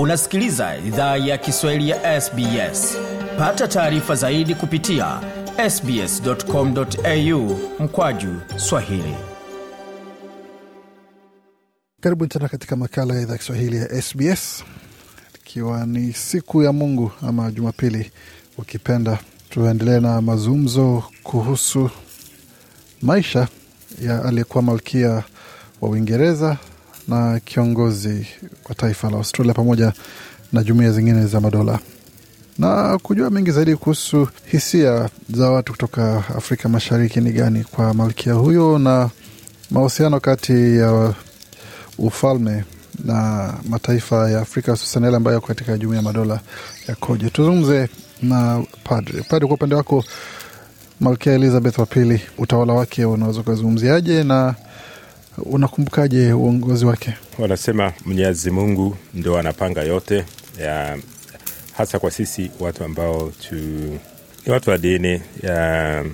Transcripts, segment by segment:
unasikiliza idhaa ya kiswahili ya sbs pata taarifa zaidi kupitia sbscomau mkwaju swahili karibu tena katika makala ya idhaa ya kiswahili ya sbs ikiwa ni siku ya mungu ama jumapili ukipenda tuendelee na mazungumzo kuhusu maisha ya aliyekuwa malkia wa uingereza na kiongozi kwa taifa la Australia pamoja na jumuia zingine za madola. Na kujua mengi zaidi kuhusu hisia za watu kutoka Afrika Mashariki ni gani kwa malkia huyo na mahusiano kati ya ufalme na mataifa ya Afrika hususan yale ambayo yako katika jumuia ya madola yakoje? Tuzungumze na padre. Padre, kwa upande wako, malkia Elizabeth wa pili, utawala wake unaweza ukazungumziaje na unakumbukaje uongozi wake? wanasema Mwenyezi Mungu ndo anapanga yote ya, hasa kwa sisi watu ambao tu, ni watu wa dini ya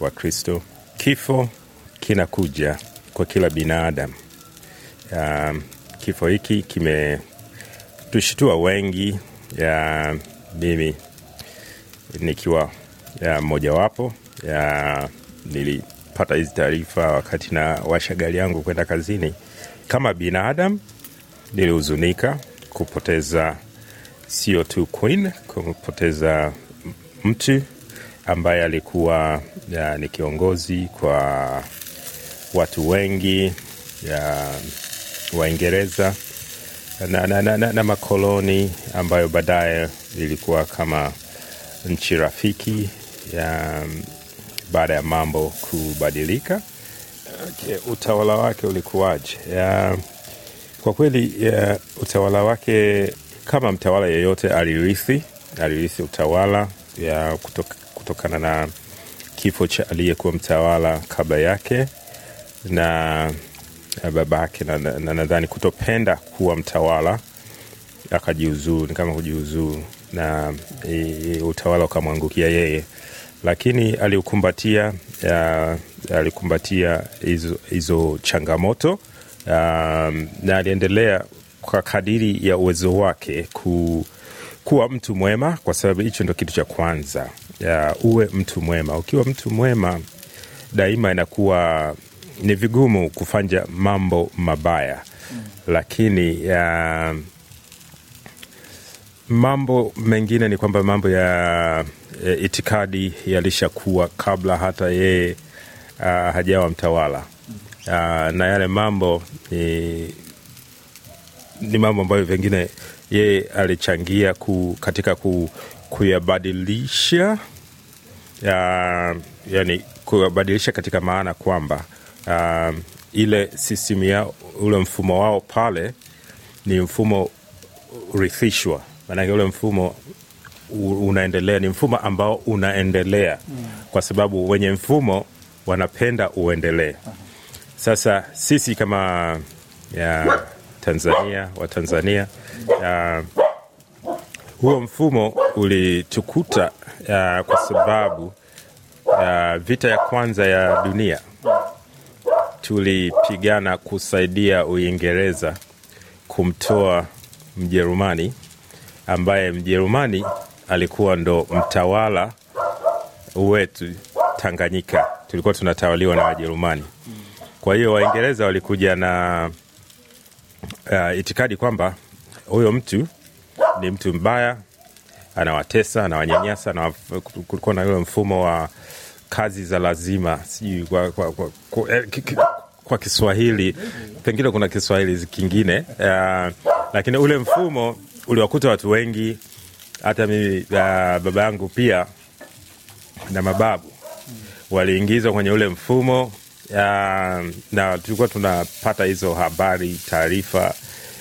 Wakristo. Kifo kinakuja kwa kila binadamu. Kifo hiki kimetushitua wengi, ya mimi nikiwa mmojawapo, nili kupata hizi taarifa wakati na washa gari yangu kwenda kazini. Kama binadamu nilihuzunika kupoteza sio tu Queen, kupoteza mtu ambaye alikuwa ya, ni kiongozi kwa watu wengi ya Waingereza na, na, na, na, na makoloni ambayo baadaye ilikuwa kama nchi rafiki ya baada ya mambo kubadilika. Okay, utawala wake ulikuwaje? Kwa kweli ya, utawala wake kama mtawala yeyote alirithi alirithi utawala ya kutok, kutokana na kifo cha aliyekuwa mtawala kabla yake na babake na nadhani na, na kutopenda kuwa mtawala akajiuzuu, ni kama kujiuzuu na e, e, utawala ukamwangukia yeye lakini alikumbatia uh, alikumbatia hizo, hizo changamoto uh, na aliendelea kwa kadiri ya uwezo wake ku, kuwa mtu mwema, kwa sababu hicho ndo kitu cha kwanza. Uh, uwe mtu mwema. Ukiwa mtu mwema, daima inakuwa ni vigumu kufanya mambo mabaya mm. Lakini uh, mambo mengine ni kwamba mambo ya Eh, itikadi yalishakuwa kabla hata yeye ah, hajawa mtawala a, ah, na yale mambo ni, ni mambo ambayo vengine yeye alichangia ku, katika ku, kuyabadilisha ya, ah, yani kuyabadilisha katika maana kwamba uh, ile sistimu yao ule mfumo wao pale ni mfumo urithishwa, maanake ule mfumo unaendelea, ni mfumo ambao unaendelea mm. kwa sababu wenye mfumo wanapenda uendelee. Sasa sisi kama ya Tanzania ya, huo mfumo ulitukuta ya, kwa sababu ya vita ya kwanza ya dunia tulipigana kusaidia Uingereza kumtoa Mjerumani ambaye Mjerumani alikuwa ndo mtawala wetu Tanganyika, tulikuwa tunatawaliwa na Wajerumani. Kwa hiyo Waingereza walikuja na uh, itikadi kwamba huyo mtu ni mtu mbaya, anawatesa, anawanyanyasa na kulikuwa na ule mfumo wa kazi za lazima, sijui kwa, kwa, kwa, kwa, eh, kwa Kiswahili pengine kuna Kiswahili kingine uh, lakini ule mfumo uliwakuta watu wengi hata mimi ah, baba yangu pia na mababu waliingizwa kwenye ule mfumo ya, na tulikuwa tunapata hizo habari taarifa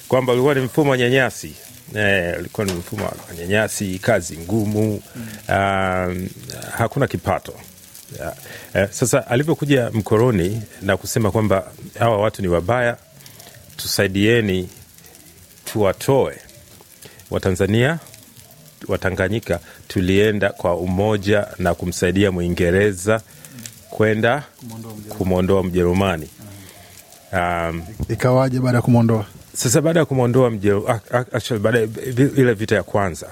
kwamba ulikuwa ni mfumo wa nyanyasi eh, ulikuwa e, ni mfumo wa nyanyasi, kazi ngumu mm. Um, hakuna kipato yeah. E, sasa alivyokuja mkoroni na kusema kwamba hawa watu ni wabaya, tusaidieni tuwatoe Watanzania Watanganyika tulienda kwa umoja na kumsaidia Mwingereza kwenda kumwondoa Mjerumani. Um, ikawaje baada ya kumwondoa? Sasa baada ya kumwondoa ah, ah, baada ile vita ya kwanza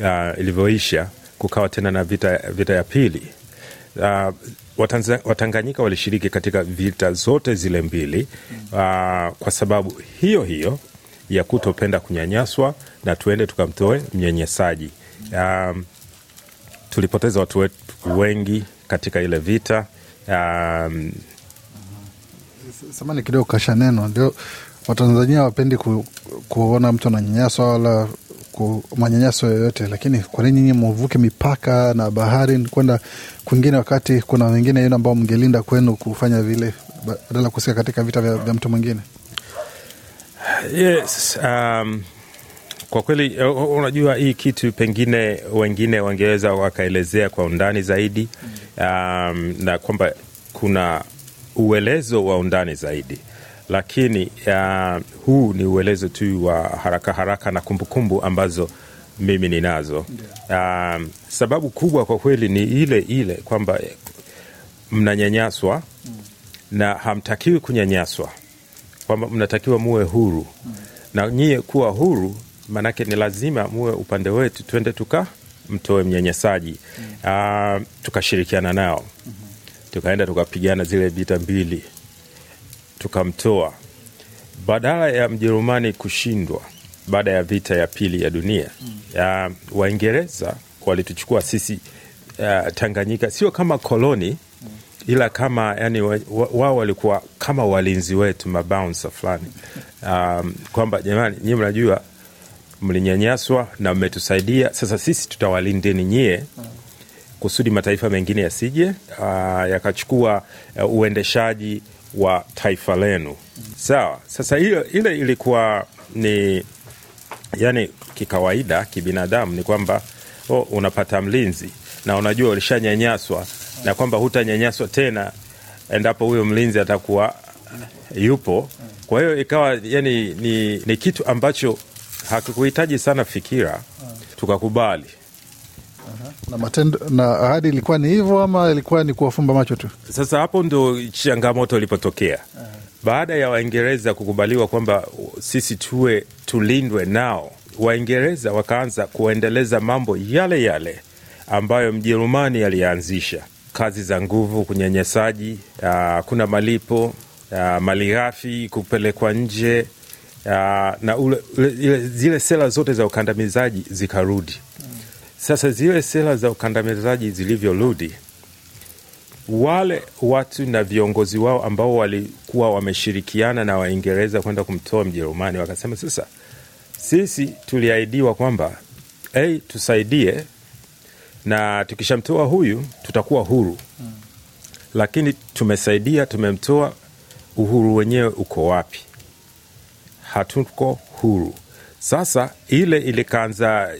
uh, ilivyoisha, kukawa tena na vita, vita ya pili uh, Watanganyika walishiriki katika vita zote zile mbili uh, kwa sababu hiyo hiyo ya kutopenda kunyanyaswa na tuende tukamtoe mnyanyasaji. Um, tulipoteza watu wetu wengi katika ile vita. Um, samani kidogo kasha neno ndio Watanzania wapendi ku, kuona mtu ananyanyaswa wala manyanyaso yoyote, lakini kwa nini nyinyi muvuke mipaka na bahari kwenda kwingine, wakati kuna wengine yenu ambao mngelinda kwenu kufanya vile badala ya kusika katika vita vya, vya mtu mwingine? Yes, um, kwa kweli unajua hii kitu pengine wengine wangeweza wakaelezea kwa undani zaidi um, na kwamba kuna uelezo wa undani zaidi lakini uh, huu ni uelezo tu wa haraka haraka na kumbukumbu kumbu ambazo mimi ninazo. Um, sababu kubwa kwa kweli ni ile ile kwamba mnanyanyaswa na hamtakiwi kunyanyaswa kwamba mnatakiwa muwe huru na nyie kuwa huru, maanake ni lazima muwe upande wetu, twende tukamtoe mnyanyasaji mm. Ah, tukashirikiana nao mm -hmm. tukaenda tukapigana zile vita mbili tukamtoa, badala ya Mjerumani kushindwa baada ya vita ya pili ya dunia mm. Waingereza walituchukua sisi uh, Tanganyika sio kama koloni ila kama yani, wao wa, walikuwa kama walinzi wetu mabaunsa fulani um, kwamba jamani, nyie mnajua mlinyanyaswa na mmetusaidia, sasa sisi tutawalindeni nyie kusudi mataifa mengine yasije uh, yakachukua uh, uendeshaji wa taifa lenu. Sawa, sasa ile ile ilikuwa ni yani kikawaida kibinadamu, ni kwamba oh, unapata mlinzi na unajua ulishanyanyaswa na kwamba hutanyanyaswa tena endapo huyo mlinzi atakuwa yupo. Kwa hiyo ikawa yani, ni, ni kitu ambacho hakikuhitaji sana fikira, tukakubali. Uh-huh. Na matendo na ahadi ilikuwa ni hivyo, ama ilikuwa ni kuwafumba macho tu? Sasa hapo ndo changamoto ilipotokea uh-huh. baada ya Waingereza kukubaliwa kwamba sisi tuwe tulindwe nao, Waingereza wakaanza kuendeleza mambo yale yale ambayo Mjerumani aliyaanzisha kazi za nguvu, kunyenyesaji ah, hakuna malipo, ah, mali ghafi kupelekwa nje ah, na ule, ule, zile sera zote za ukandamizaji zikarudi. Sasa zile sera za ukandamizaji zilivyorudi, wale watu na viongozi wao ambao walikuwa wameshirikiana na Waingereza kwenda kumtoa Mjerumani wakasema, sasa sisi tuliahidiwa kwamba hey, tusaidie na tukishamtoa huyu tutakuwa huru mm. Lakini tumesaidia, tumemtoa, uhuru wenyewe uko wapi? Hatuko huru. Sasa ile ilikaanza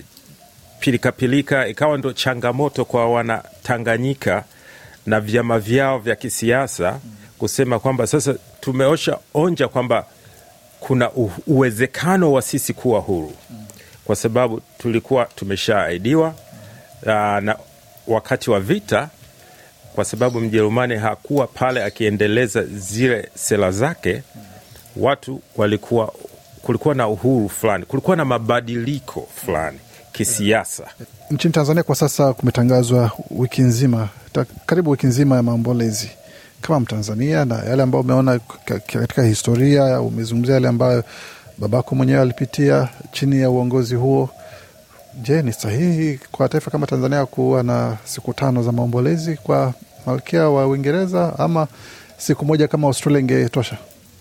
pilikapilika, ikawa ndo changamoto kwa Wanatanganyika na vyama vyao vya kisiasa kusema kwamba sasa tumeosha onja kwamba kuna uwezekano wa sisi kuwa huru, kwa sababu tulikuwa tumeshaaidiwa Ah, na wakati wa vita, kwa sababu Mjerumani hakuwa pale akiendeleza zile sera zake, watu walikuwa, kulikuwa na uhuru fulani, kulikuwa na mabadiliko fulani kisiasa nchini Tanzania. Kwa sasa kumetangazwa wiki nzima, karibu wiki nzima ya maombolezi kama Mtanzania na yale ambayo umeona katika historia, umezungumzia yale ambayo babako mwenyewe alipitia chini ya uongozi huo. Je, ni sahihi kwa taifa kama Tanzania kuwa na siku tano za maombolezi kwa malkia wa Uingereza ama siku moja kama Australia ingetosha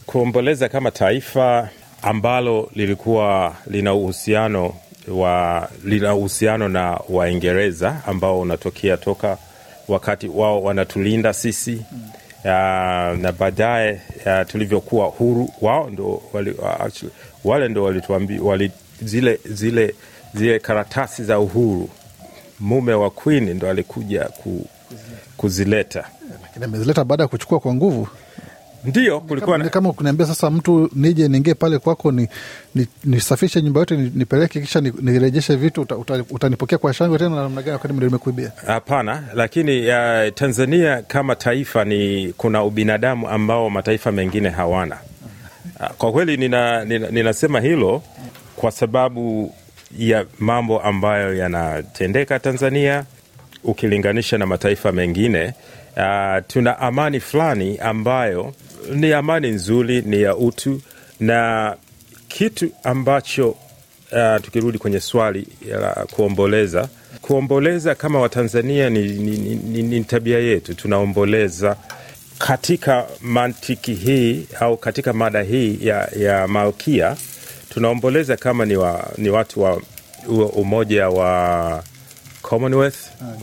kuomboleza kama taifa ambalo lilikuwa lina uhusiano wa lina uhusiano na Waingereza ambao unatokea toka wakati wao wanatulinda sisi mm. Uh, na baadaye tulivyokuwa huru wao ndo wale, wale ndo walituambi wali, zile, zile zile karatasi za uhuru, mume wa Queen ndo alikuja ku, kuzileta, lakini amezileta baada ya kuchukua kwa nguvu. Ndio kulikuwa kama kuniambia sasa mtu nije niingie pale kwako nisafishe ni, ni nyumba yote nipeleke ni kisha nirejeshe ni vitu utanipokea uta, uta kwa shangwe tena namna gani wakati mdo Hapana, lakini uh, Tanzania kama taifa ni kuna ubinadamu ambao mataifa mengine hawana. Kwa kweli ninasema nina, nina hilo kwa sababu ya mambo ambayo yanatendeka Tanzania ukilinganisha na mataifa mengine uh, tuna amani fulani ambayo ni amani nzuri, ni ya utu na kitu ambacho uh, tukirudi kwenye swali la kuomboleza, kuomboleza kama Watanzania ni, ni, ni, ni tabia yetu, tunaomboleza katika mantiki hii au katika mada hii ya, ya Malkia tunaomboleza kama ni, wa, ni watu wa umoja wa Commonwealth ah,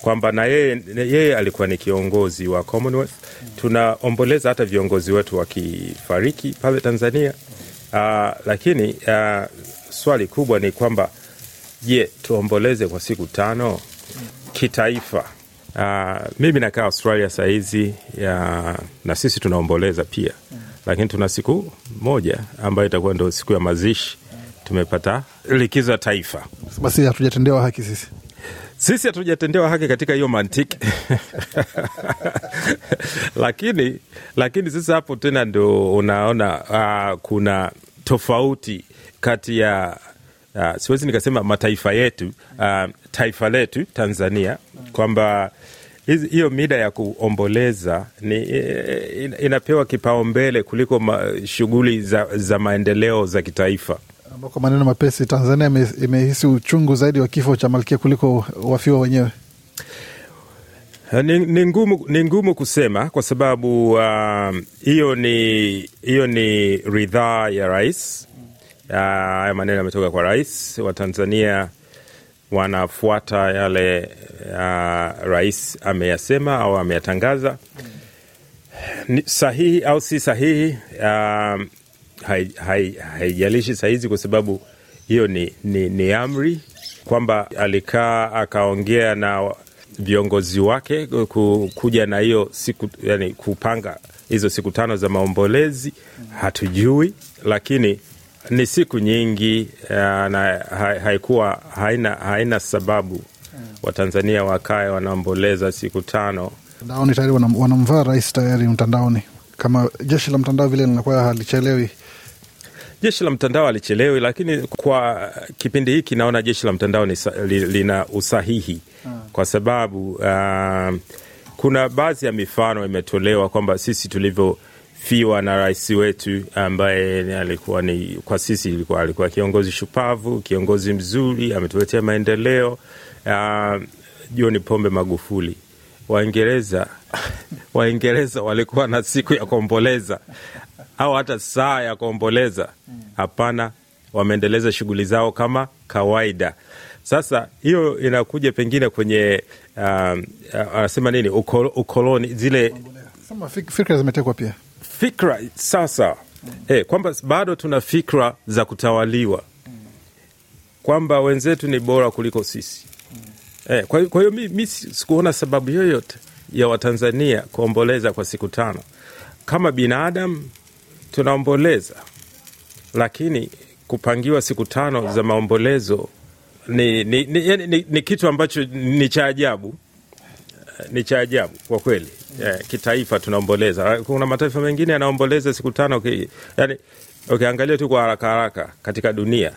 kwamba na yeye, yeye alikuwa ni kiongozi wa Commonwealth. Mm. Tunaomboleza hata viongozi wetu wakifariki pale Tanzania. Uh, lakini uh, swali kubwa ni kwamba je, tuomboleze kwa siku tano mm. kitaifa? Uh, mimi nakaa Australia sahizi na sisi tunaomboleza pia mm lakini tuna siku moja ambayo itakuwa ndo siku ya mazishi. Tumepata likizo ya taifa, basi hatujatendewa haki sisi sisi hatujatendewa haki katika hiyo mantiki lakini, lakini sasa hapo tena ndo unaona uh, kuna tofauti kati ya uh, siwezi nikasema mataifa yetu uh, taifa letu Tanzania kwamba hiyo mida ya kuomboleza ni e, e, inapewa kipaumbele kuliko shughuli za, za maendeleo za kitaifa. Kwa maneno mapesi, Tanzania imehisi uchungu zaidi wa kifo cha malkia kuliko wafiwa wenyewe. Ni, ni, ngumu, ni ngumu kusema kwa sababu ah, hiyo uh, ni, hiyo ni ridhaa ya rais. Ah, haya uh, maneno yametoka kwa rais wa Tanzania wanafuata yale uh, rais ameyasema au ameyatangaza sahihi au si sahihi uh, haijalishi hai, sahizi kwa sababu hiyo ni, ni, ni amri kwamba alikaa akaongea na viongozi wake kuja na hiyo siku yani kupanga hizo siku tano za maombolezi hatujui lakini ni siku nyingi eh, na haikuwa haina, haina sababu hmm. Watanzania wakae wanaomboleza siku tano. Mtandaoni tayari wanamvaa rais tayari mtandaoni, kama jeshi la mtandao vile linakuwa halichelewi. Jeshi la mtandao halichelewi, lakini kwa kipindi hiki naona jeshi la mtandao lina usahihi hmm. kwa sababu uh, kuna baadhi ya mifano imetolewa kwamba sisi tulivyo fiwa na rais wetu ambaye alikuwa ni kwa sisi ilikuwa alikuwa kiongozi shupavu, kiongozi mzuri, ametuletea maendeleo uh, John Pombe Magufuli. Waingereza Waingereza walikuwa na siku ya kuomboleza au hata saa ya kuomboleza? Hapana, wameendeleza shughuli zao kama kawaida. Sasa hiyo inakuja pengine kwenye ah, ah, anasema uh, uh, nini ukoloni, ukolo, zile fikra zimetekwa pia fikra sasa mm. Eh, hey, kwamba bado tuna fikra za kutawaliwa mm. kwamba wenzetu ni bora kuliko sisi mm. Eh, hey, kwa, kwa hiyo mi, mi sikuona sababu yoyote ya Watanzania kuomboleza kwa siku tano. Kama binadamu tunaomboleza, lakini kupangiwa siku tano za maombolezo ni, ni, ni, ni, ni, ni kitu ambacho ni cha ajabu, eh, ni cha ajabu kwa kweli yeah, kitaifa tunaomboleza. Kuna mataifa mengine yanaomboleza siku tano yani, ukiangalia okay, tu kwa haraka haraka katika dunia,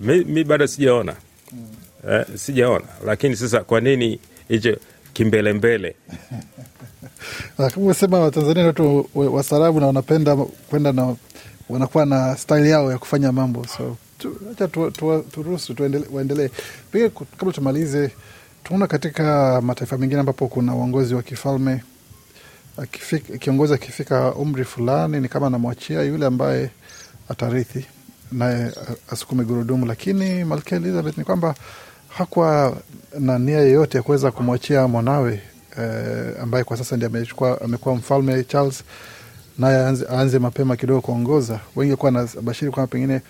mi, mi bado sijaona eh, sijaona, lakini sasa kwa nini hicho kimbelembele umesema Watanzania watu wasarabu na wanapenda kwenda na wanakuwa na stali yao ya kufanya mambo, so tu, turusu waendelee. Pengine kabla tumalize, tunaona katika mataifa mengine ambapo kuna uongozi wa kifalme akifika, kiongozi akifika umri fulani ni kama anamwachia yule ambaye atarithi naye asukume gurudumu. Lakini Malkia Elizabeth ni kwamba hakuwa na nia yeyote ya kuweza kumwachia mwanawe eh, ambaye kwa sasa ndi amekuwa mfalme Charles, naye aanze mapema kidogo kuongoza. Wengi kuwa nabashiri kwamba pengine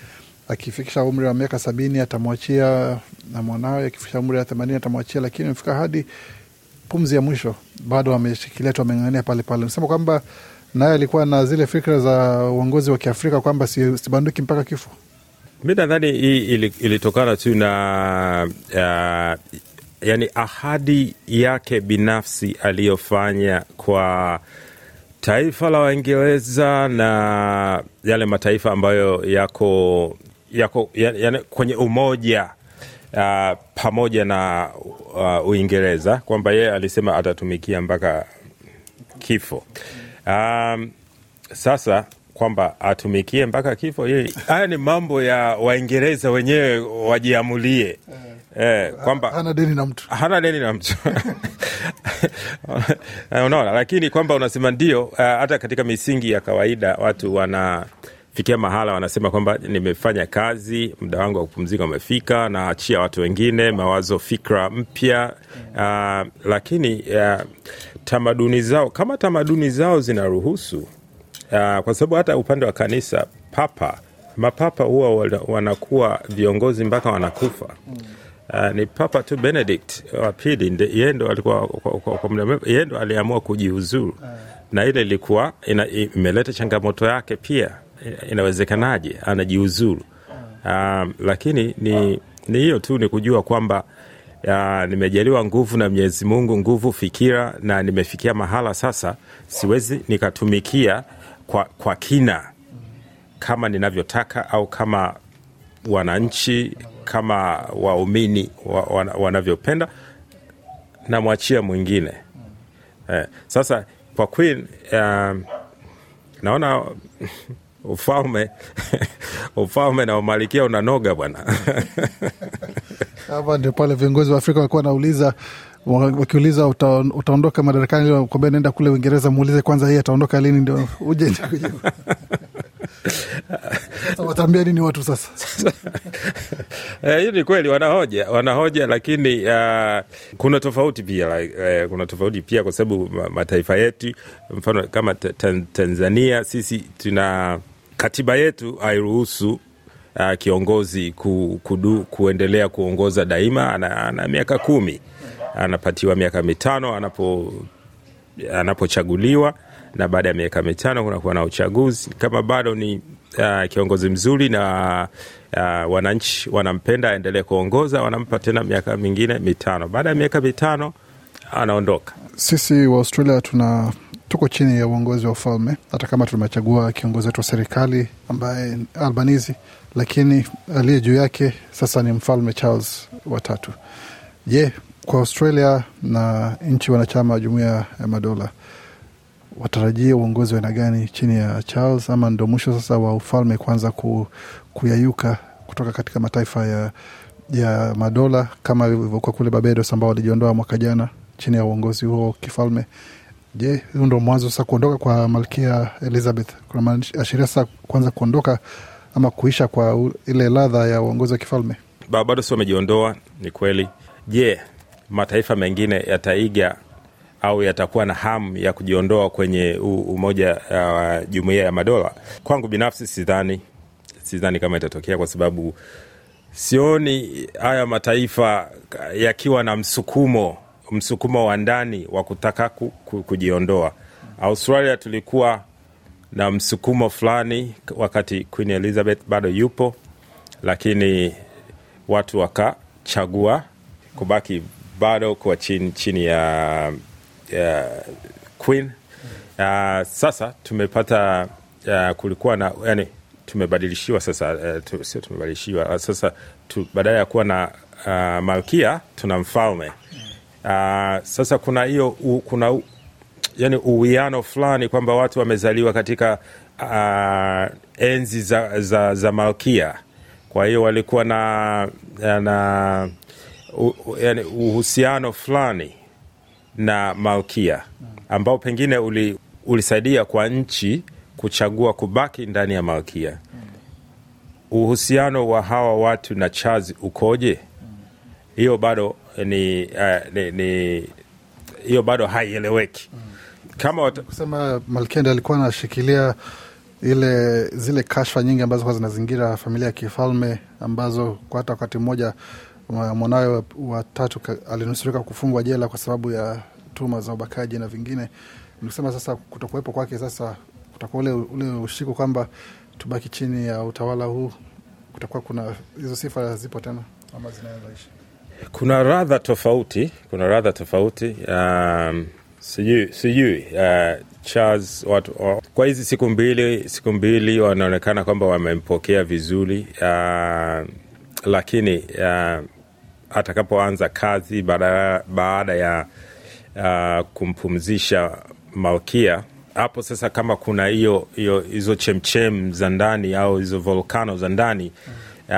akifikisha umri wa miaka sabini atamwachia na mwanawe, akifikisha umri wa themanini atamwachia, lakini mfika hadi pumzi ya mwisho bado wameshikilia tu, wameng'ang'ania pale pale. Nasema kwamba naye alikuwa na zile fikra za uongozi wa Kiafrika kwamba sibanduki mpaka kifo. Mi nadhani hii ilitokana tu na uh, yani ahadi yake binafsi aliyofanya kwa taifa la Waingereza na yale mataifa ambayo yako yako yani, kwenye umoja uh, pamoja na uh, Uingereza kwamba yeye alisema atatumikia mpaka kifo. Um, sasa kwamba atumikie mpaka kifo, haya ni mambo ya Waingereza wenyewe wajiamulie. Eh. eh, kwamba hana deni na mtu, hana deni na mtu eh, unaona, lakini kwamba unasema ndio, eh, hata katika misingi ya kawaida watu wana fikia mahala wanasema kwamba nimefanya kazi, muda wangu wa kupumzika umefika, naachia watu wengine mawazo, fikra mpya. Uh, lakini uh, tamaduni zao kama tamaduni zao zinaruhusu uh, kwa sababu hata upande wa kanisa papa mapapa huwa wanakuwa viongozi mpaka wanakufa. Uh, ni Papa tu Benedict wa pili, yeye ndo alikuwa kwa muda mrefu, yeye ndo aliamua kujiuzuru, ah. na ile ilikuwa imeleta changamoto yake pia inawezekanaje anajiuzuru. Um, lakini ni ni hiyo tu, ni kujua kwamba uh, nimejaliwa nguvu na Mwenyezi Mungu, nguvu fikira, na nimefikia mahala sasa, siwezi nikatumikia kwa, kwa kina kama ninavyotaka au kama wananchi kama waumini wa, wa, wanavyopenda, namwachia mwingine eh. Sasa kwa Queen um, naona ufalme ufalme na umalikia unanoga bwana. Hapa ndio pale viongozi wa Afrika walikuwa wanauliza wakiuliza uta, utaondoka madarakani, kwambia naenda kule Uingereza, muulize kwanza yeye ataondoka lini ndio uje watambia nini watu sasa? Eh, hii ni kweli, wanahoja wanahoja, lakini uh, kuna tofauti pia uh, kuna tofauti pia kwa sababu mataifa yetu, mfano kama Tanzania, sisi tuna katiba yetu hairuhusu uh, kiongozi ku, kudu, kuendelea kuongoza daima. Ana, ana miaka kumi, anapatiwa miaka mitano anapo anapochaguliwa na baada ya miaka mitano kunakuwa na uchaguzi. Kama bado ni uh, kiongozi mzuri na uh, wananchi wanampenda aendelee kuongoza, wanampa tena miaka mingine mitano. Baada ya miaka mitano anaondoka. Sisi wa tuna tuko chini ya uongozi wa ufalme, hata kama tumechagua kiongozi wetu wa serikali ambaye Albanizi, lakini aliye juu yake sasa ni mfalme Charles watatu. Je, kwa Australia na nchi wanachama wa jumuiya ya madola watarajia uongozi wa aina gani chini ya Charles, ama ndo mwisho sasa wa ufalme kuanza ku, kuyayuka kutoka katika mataifa ya, ya madola kama ilivyokuwa kule Barbados ambao walijiondoa mwaka jana chini ya uongozi huo kifalme Je, huu ndo mwanzo sasa kuondoka kwa malkia Elizabeth kuna ashiria sasa kwanza kuondoka ama kuisha kwa ile ladha ya uongozi wa kifalme? Bado si wamejiondoa, ni kweli. Je, mataifa mengine yataiga au yatakuwa na hamu ya kujiondoa kwenye umoja wa uh, jumuiya ya madola? Kwangu binafsi sidhani, sidhani kama itatokea kwa sababu sioni haya mataifa yakiwa na msukumo msukumo wa ndani wa kutaka ku, ku, kujiondoa. Australia tulikuwa na msukumo fulani wakati Queen Elizabeth bado yupo, lakini watu wakachagua kubaki bado kuwa chini, chini ya, ya Queen. Uh, sasa tumepata uh, kulikuwa na yani, tumebadilishiwa sasa uh, tu, sio tumebadilishiwa uh, sasa tu, badala ya kuwa na uh, malkia tuna mfalme Uh, sasa kuna hiyo kuna yani uwiano fulani kwamba watu wamezaliwa katika uh, enzi za, za, za malkia, kwa hiyo walikuwa na, na yani uhusiano fulani na malkia ambao pengine uli, ulisaidia kwa nchi kuchagua kubaki ndani ya malkia. Uhusiano wa hawa watu na chazi ukoje? Hiyo bado Eh, ni hiyo uh, bado haieleweki mm. Kama wat... kusema Malkende alikuwa anashikilia ile zile kashfa nyingi ambazo kuwa zinazingira familia ya kifalme ambazo kwa hata wakati mmoja mwanawe watatu alinusurika kufungwa jela kwa sababu ya tuma za ubakaji na vingine. Nikusema sasa kutokuwepo kwake sasa kutakuwa ule, ule ushiku kwamba tubaki chini ya utawala huu, kutakuwa kuna hizo sifa zipo tena ama zinawezaisha kuna radha tofauti, kuna radha tofauti um, sijui uh, watu, oh, kwa hizi siku mbili siku mbili wanaonekana kwamba wamempokea vizuri uh, lakini uh, atakapoanza kazi baada, baada ya uh, kumpumzisha malkia hapo sasa, kama kuna hiyo hizo chemchem za ndani au hizo volkano za ndani uh,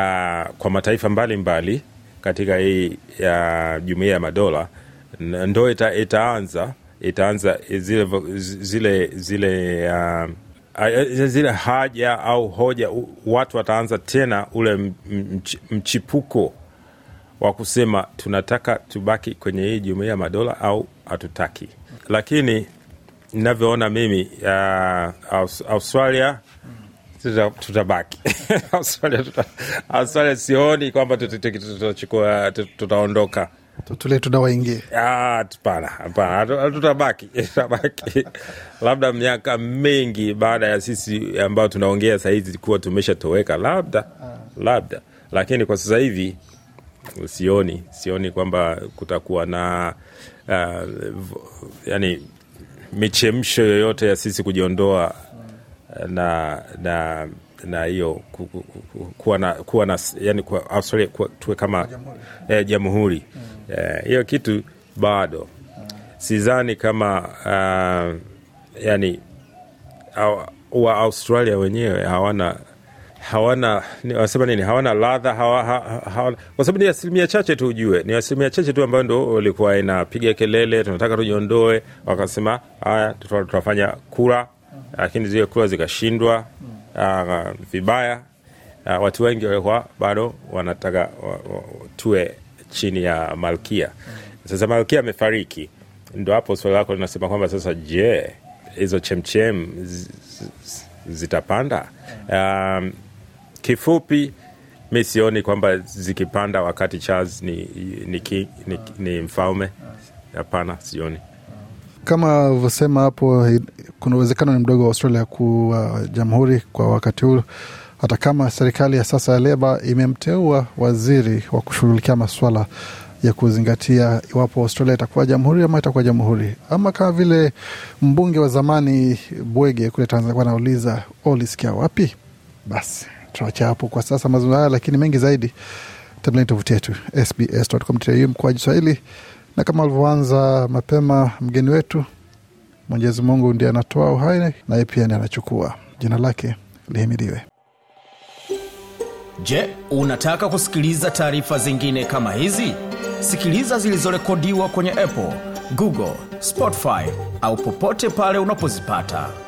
kwa mataifa mbalimbali mbali, katika hii ya jumuia ya madola ndo ita, itaanza itaanza zile zile zile uh, zile haja au hoja, watu wataanza tena ule mchipuko wa kusema tunataka tubaki kwenye hii jumuia ya madola au hatutaki. Lakini navyoona mimi uh, Australia tutabaki Australia. Sioni kwamba tutachukua, tutaondoka tule tunawaingia. Ah, hapana, hapana, tutabaki, tutabaki labda miaka mingi baada ya sisi ambao tunaongea sahizi kuwa tumeshatoweka, labda ah. labda, lakini kwa sasa hivi sioni, sioni kwamba kutakuwa na uh, yani michemsho yoyote ya sisi kujiondoa na na na hiyo ku, ku, ku, kuwa na kuwa na yani kuwa, ah, sorry, kuwa, tuwe kama jamhuri eh, mm. eh, hiyo eh, eh, kitu bado mm. sidhani kama uh, yani wa Australia wenyewe hawana hawana wasema nini, hawana ladha hawa, hawa, kwa sababu ni asilimia chache tu, ujue ni asilimia chache tu ambayo ndo walikuwa inapiga kelele tunataka tujiondoe, wakasema haya tutafanya kura Uh-huh. lakini zile kura zikashindwa mm. uh, vibaya. Uh, watu wengi walikuwa bado wanataka tuwe chini ya malkia. Mm. Sasa malkia amefariki, ndo hapo swali lako linasema kwamba sasa, je, hizo chemchem zitapanda? Mm. Um, kifupi mi sioni kwamba zikipanda wakati Charles ni, ni, ni, ni, ni mfalme. Hapana, sioni kama vyosema hapo, kuna uwezekano ni mdogo wa Australia kuwa jamhuri kwa wakati huu, hata kama serikali ya sasa ya Leba imemteua waziri wa kushughulikia maswala ya kuzingatia iwapo Australia itakuwa jamhuri ama itakuwa jamhuri, ama kama vile mbunge wa zamani Bwege kule Tanzania anauliza oh, ulisikia wapi? Basi tunawacha hapo kwa sasa mazungumzo haya, lakini mengi zaidi tembeleni tovuti yetu sbs.com.au mkoaji Swahili na kama alivyoanza mapema mgeni wetu, Mwenyezi Mungu ndiye anatoa uhai naye pia ndiye anachukua. Jina lake lihimidiwe. Je, unataka kusikiliza taarifa zingine kama hizi? Sikiliza zilizorekodiwa kwenye Apple, Google, Spotify au popote pale unapozipata.